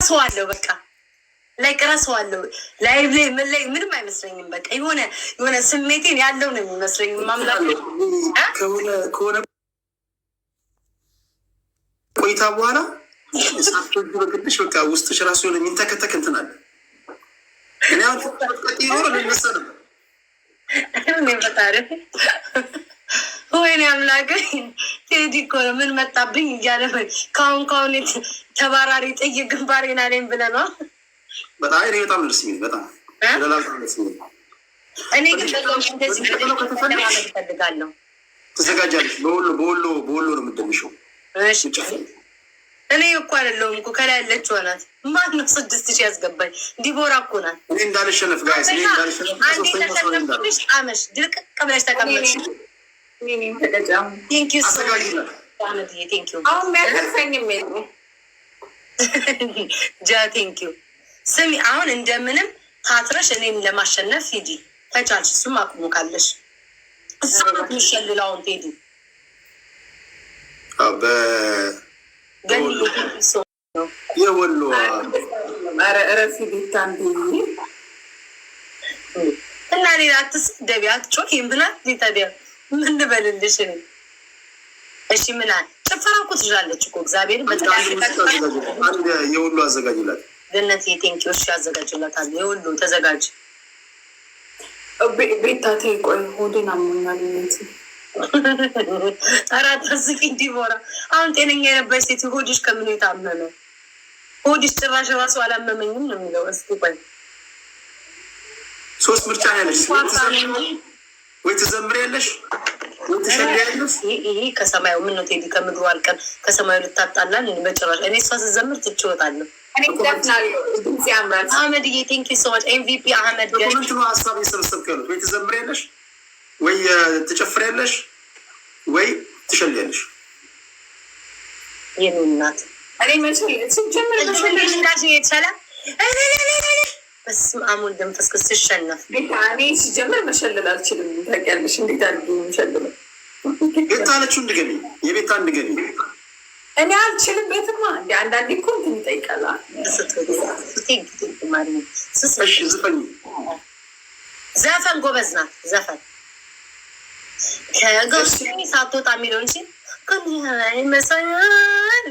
ረሳዋለሁ በቃ ላይክ ረሳዋለሁ። ላይቭ ላይ ምን ላይ ምንም አይመስለኝም። በቃ የሆነ የሆነ ስሜቴን ያለው ነው የሚመስለኝ። ማምላክ ከሆነ ቆይታ በኋላ ሳቶቹ በግድሽ በቃ ውስጥሽ ራሱ የሆነ የሚንተከተክ እንትን አለ። ወይኔ አምላክ ቴዲ እኮ ነው ምን መጣብኝ እያለ ከአሁን ከአሁን ተባራሪ ጥይቅ ግንባሬን አለኝ ብለህ ነው። በጣም እኔ በጣም ደስ የሚል በጣም እኔ ግን እንደዚህ ፈልጋለሁ። ትዘጋጃለሽ? በወሎ በወሎ ነው የምደምሸው። እኔ እኮ አይደለሁም እኮ ከላይ ያለችው ናት። ማነው ስድስት ሺህ ያስገባኝ? ዲቦራ እኮ ናት። እኔ እንዳልሸነፍ ጋር አንዴ ተሸነፍኩሽ። አመሽ ድርቅ ቅብለሽ ተቀመጥሽ ቴንኪው። ስሚ አሁን እንደምንም ታትረሽ እኔም ለማሸነፍ ሂጂ ከቻልሽ። እሱም አቅሙ ካለሽ እሱ ቴዲ የወሎ እና ሌላ አትስደቢ አትጮ ይህም ብላ ታዲያ ምን ልበልልሽ? እሺ ምን አለ ጭፈራ እኮ ትችላለች እኮ እግዚአብሔር የሁሉ አዘጋጅላት ገነት የቴንኪዎች ያዘጋጅላታል። የሁሉ ተዘጋጅ። ቤታ ተይ ቆይ ሆዴን አሞኛል። ኧረ አታስቂ ዲቦራ። አሁን ጤነኛ የነበረች ሴት ሆድሽ ከምን የታመመ ሆድሽ ጭራሽ ራሱ አላመመኝም ነው የሚለው። እስኪ ቆይ ሶስት ምርጫ ያለች ወይ ትዘምሪያለሽ ወይ ትሸልያለሽ። ይሄ ከሰማዩ ምን ነው ቴዲ ከምግብ አልቀን ከሰማዩ ልታጣላል መጨረሻ። እኔ እሷ ስዘምር ትችወጣለሁ። ዬ ቴንክ ዩ ሶ ማች ኤምቪፒ አህመድ ኮመንት ነው ሀሳብ የሰበሰብክ ያሉት ወይ ትዘምሪያለሽ ወይ ትጨፍሪያለሽ ወይ ትሸልያለሽ። የኔ እናት እኔ መቼ ስጀምር መሸል እንዳሽ የተሻለ በስመ አብ ወልድ መንፈስ ቅዱስ ሲሸነፍ እኔ ሲጀምር መሸለል አልችልም። ታውቂያለሽ እንዴት አድርጌ የሚሸልለው ቤት አለችው እንድገቢ የቤት አንድ እኔ አልችልም። ቤትማ እንደ አንዳንዴ እኮ እንትን ይጠይቃላል። ዘፈን ጎበዝ ናት። ዘፈን ከገሱ ሳትወጣ የሚለው እንጂ ከሚመሰል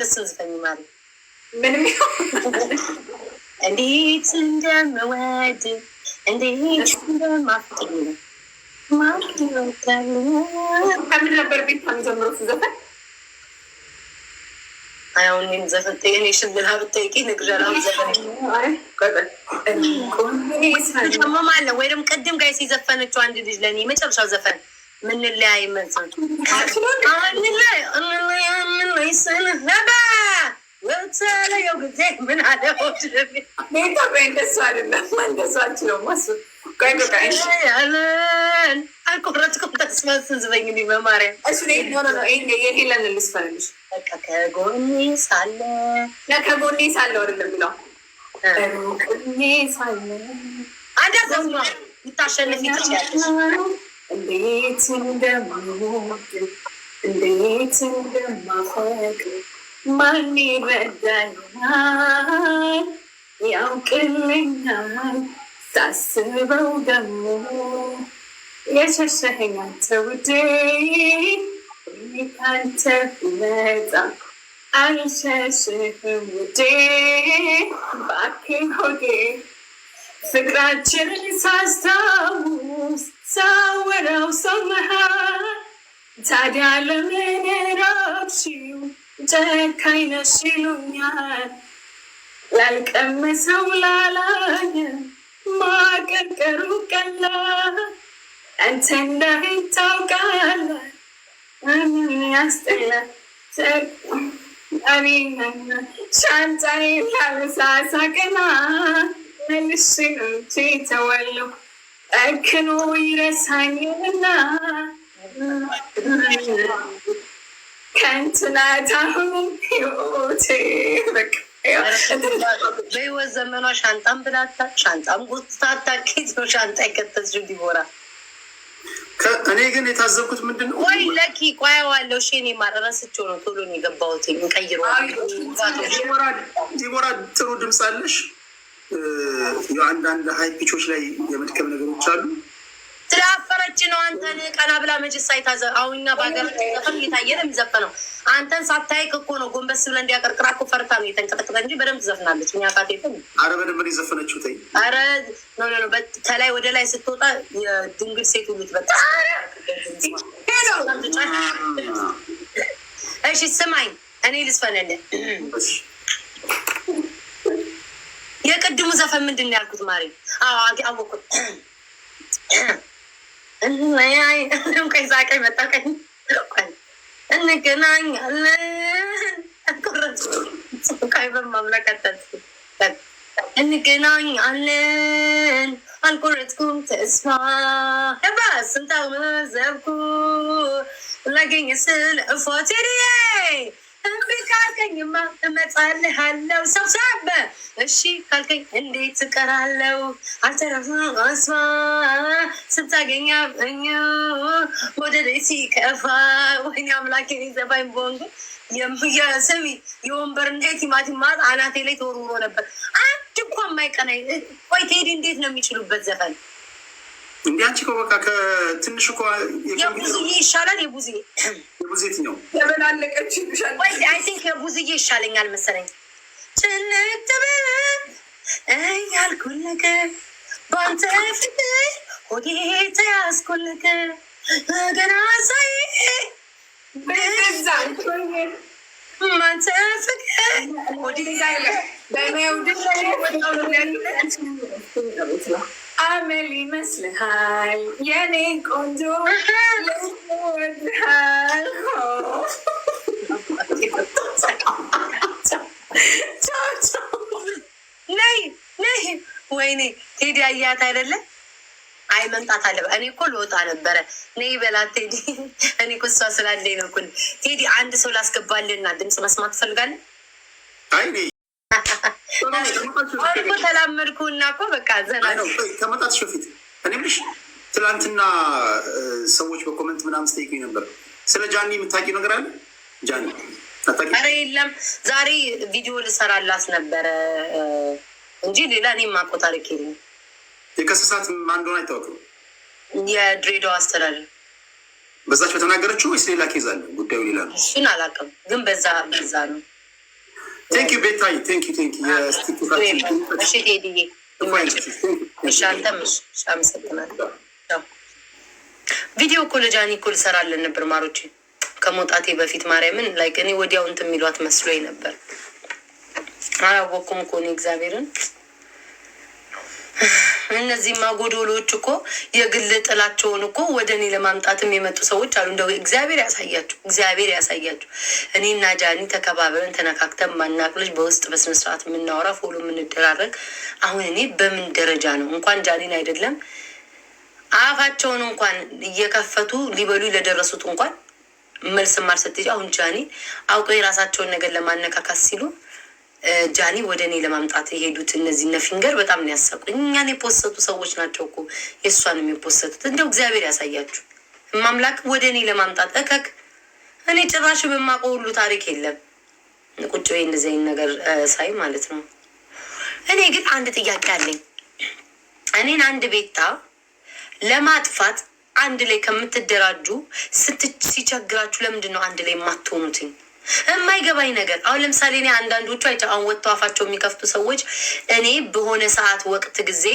ልስን ዝፈኝ ማለት ምንም እንዴት እንደምወድ እንዴት እንደማፍቅር ከምን ነበር ቤት ከምጀምሮ ዘፈን አሁን ይህን ዘፈን ጠየኔ ሽብና ብጠይቂ ንግረራ ዘፈንማለ ወይ ደግሞ ቅድም ጋይ ሲዘፈነችው አንድ ልጅ ለእኔ የመጨረሻው ዘፈን ምንለያይ መልሰ ምንለያይ ምንይስን ነበር በተለየው ጊዜ ምን አለዎች ኢትዮጵያ እንደሱ አይደለም። እንደሱ አችለው እንዴት እንዴት እንደማፈቅር ማን ይረዳኛል? ያውቅልኛል ሳስበው ደግሞ የሸሸኸኝ አንተ ውዴ ካንተ ነጻ አልሸሽህም ውዴ እባክህ ሆዴ ፍቅራችንን ሳስታውስ ሳወራው ሰው መሃል ታዲያ ለምን ራብሽው ጨካኝ ነሽ ይሉኛል ላልቀምሰው ላላየ ማቀርቀሩ ቀላል አንተ እንዳይን ታውቃለህ ምን ያስጠላል። ሻንጣዬ ላበሳሳ ቀና መልሼ ነው እንጂ ተወለሁ ጠክኖ ይረሳኝና በህይወት ዘመኗ ሻንጣም ብላታ ሻንጣም ጎትታታ ኬት ነው ሻንጣ የከተችው ዲቦራ። እኔ ግን የታዘብኩት ምንድን ነው ወይ ለኪ ቋያዋለው ሽ እኔ ማረረስቸው ነው ቶሎ ነው የገባሁት። ቀይሮ ዲቦራ ጥሩ ድምፅ አለሽ። የአንዳንድ ሀይ ፒቾች ላይ የመድከም ነገሮች አሉ ዘፈን ቀና ብላ መቼስ ሳይታዘ አሁኛ በሀገራችን ዘፈን እየታየ ነው የሚዘፈነው። አንተን ሳታይቅ እኮ ነው ጎንበስ ብለን እንዲያቀርቅራ እኮ ፈርታ ነው የተንቀጠቀጠ እንጂ በደንብ ትዘፍናለች። እኛ ቃት አረ በደንብ ነው የዘፈነችው። ተይ አረ ኖ ከላይ ወደ ላይ ስትወጣ የድንግል ሴት ሁሉ ትበጣ። እሺ ስማኝ፣ እኔ ልስፈንልህ። የቅድሙ ዘፈን ምንድን ነው ያልኩት? ማሪ አዎ አወኩት። ከዛ ቀኝ መጣ ቀኝ እንገናኛለን ቃይበን ማምለከተት እንገናኛለን አልቆረጥኩም ተስፋ ህባ ላገኝ ስል ፎቴሪዬ እምቢ ካልከኝማ እመጣልሃለሁ ሰብሰብ እሺ ካልከኝ እንዴት ትቀራለው? አልተረፍ አስማ ስታገኛ እኛ ወደ ደሲ ከፋ ወይኔ አምላኬ ዘባኝ ቦንግ የሰሚ የወንበር እና ቲማቲማት አናቴ ላይ ተወርውሮ ነበር። አንድ እኳ የማይቀና ቆይ ቴዲ እንዴት ነው የሚችሉበት ዘፈን? እንዲ አንቺ እኮ በቃ ከትንሽ እኮ የቡዝዬ ይሻላል። የቡዝዬ የቡዝዬ የበላለቀች አይ ቲንክ የቡዝዬ ይሻለኛል መሰለኝ። ጭንቅ ትብል እያልኩል ነገር ባንተ ፍቅር ሆዴ ተያዝኩል ገና ሳይ አመል ይመስልሃል የኔ ቆንጆ ቴዲ አያት አይደለ? አይ መምጣት አለ። እኔ እኮ ልወጣ ነበረ። ነይ በላት ቴዲ። እኔ እኮ እሷ ስላለኝ ነው እኮ። ቴዲ አንድ ሰው ላስገባልና ድምፅ መስማት ትፈልጋለህ? እኮ ተላመድኩ እና እኮ በቃ ዘና ከመጣትሽ በፊት እኔ የምልሽ ትላንትና ሰዎች በኮመንት ምናምን ስጠይቁኝ ነበር። ስለ ጃኒ የምታውቂው ነገር አለ ጃኒ? ኧረ የለም ዛሬ ቪዲዮ ልሰራላት ነበረ እንጂ ሌላ እኔ ማቆ ታሪክ የለም። የከሰሳት ማን እንደሆነ አይታወቅም። የድሬዳዋ አስተዳደር በዛች በተናገረችው ወይስ ሌላ ኬዝ አለ? ጉዳዩ ሌላ ነው፣ እሱን አላውቅም። ግን በዛ በዛ ነው። ቴንክ ዩ ቤታይ፣ ቴንክ ዩ ቴንክ ዩ። እሺ ቴዲዬ፣ እሺ አንተም እሺ፣ አመሰግናለሁ። ቪዲዮ እኮ ለጃኒ እኮ ልሰራለን ነበር ማሮቼ፣ ከመውጣቴ በፊት ማርያምን ላይክ እኔ ወዲያው እንትን የሚሏት መስሎኝ ነበር። አላወቅኩም እኮ እኔ እግዚአብሔርን እነዚህ ማጎዶሎዎች እኮ የግል ጥላቸውን እኮ ወደ እኔ ለማምጣት የመጡ ሰዎች አሉ። እንደው እግዚአብሔር ያሳያችሁ፣ እግዚአብሔር ያሳያችሁ። እኔና ጃኒ ተከባብረን ተነካክተን ማናቅ ልጅ በውስጥ በስነስርዓት የምናወራ ፎሎ የምንደራረግ አሁን እኔ በምን ደረጃ ነው እንኳን ጃኒን አይደለም አፋቸውን እንኳን እየከፈቱ ሊበሉ ለደረሱት እንኳን መልስ ማርሰጥ አሁን ጃኒ አውቀው የራሳቸውን ነገር ለማነካካት ሲሉ ጃኒ ወደ እኔ ለማምጣት የሄዱት እነዚህ ነፊንገር በጣም ነው ያሳቁ። እኛን የፖሰቱ ሰዎች ናቸው እኮ የእሷንም የፖሰቱት። እንደው እግዚአብሔር ያሳያችሁ። ማምላክ ወደ እኔ ለማምጣት እከክ እኔ ጭራሽ በማውቀው ሁሉ ታሪክ የለም። ቁጭ ወይ እንደዚህ አይነት ነገር ሳይ ማለት ነው። እኔ ግን አንድ ጥያቄ አለኝ። እኔን አንድ ቤታ ለማጥፋት አንድ ላይ ከምትደራጁ ሲቸግራችሁ ለምንድን ነው አንድ ላይ የማትሆኑትኝ? የማይገባኝ ነገር አሁን ለምሳሌ እኔ አንዳንዶቹ አይቼ አሁን ወጥተው አፋቸው የሚከፍቱ ሰዎች እኔ በሆነ ሰዓት ወቅት ጊዜ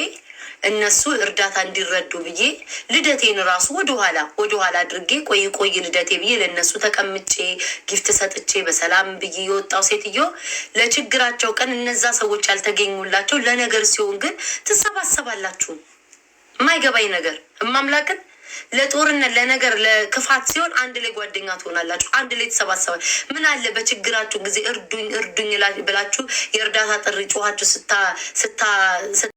እነሱ እርዳታ እንዲረዱ ብዬ ልደቴን ራሱ ወደኋላ ወደኋላ አድርጌ ቆይ ቆይ ልደቴ ብዬ ለእነሱ ተቀምጬ ጊፍት ሰጥቼ በሰላም ብዬ የወጣው ሴትዮ ለችግራቸው ቀን እነዛ ሰዎች ያልተገኙላቸው ለነገር ሲሆን ግን ትሰባሰባላችሁ። የማይገባኝ ነገር እማምላክን ለጦርነት ለነገር ለክፋት ሲሆን አንድ ላይ ጓደኛ ትሆናላችሁ፣ አንድ ላይ ተሰባሰባ ምን አለ በችግራችሁ ጊዜ እርዱኝ እርዱኝ ብላችሁ የእርዳታ ጥሪ ጮኋችሁ ስታ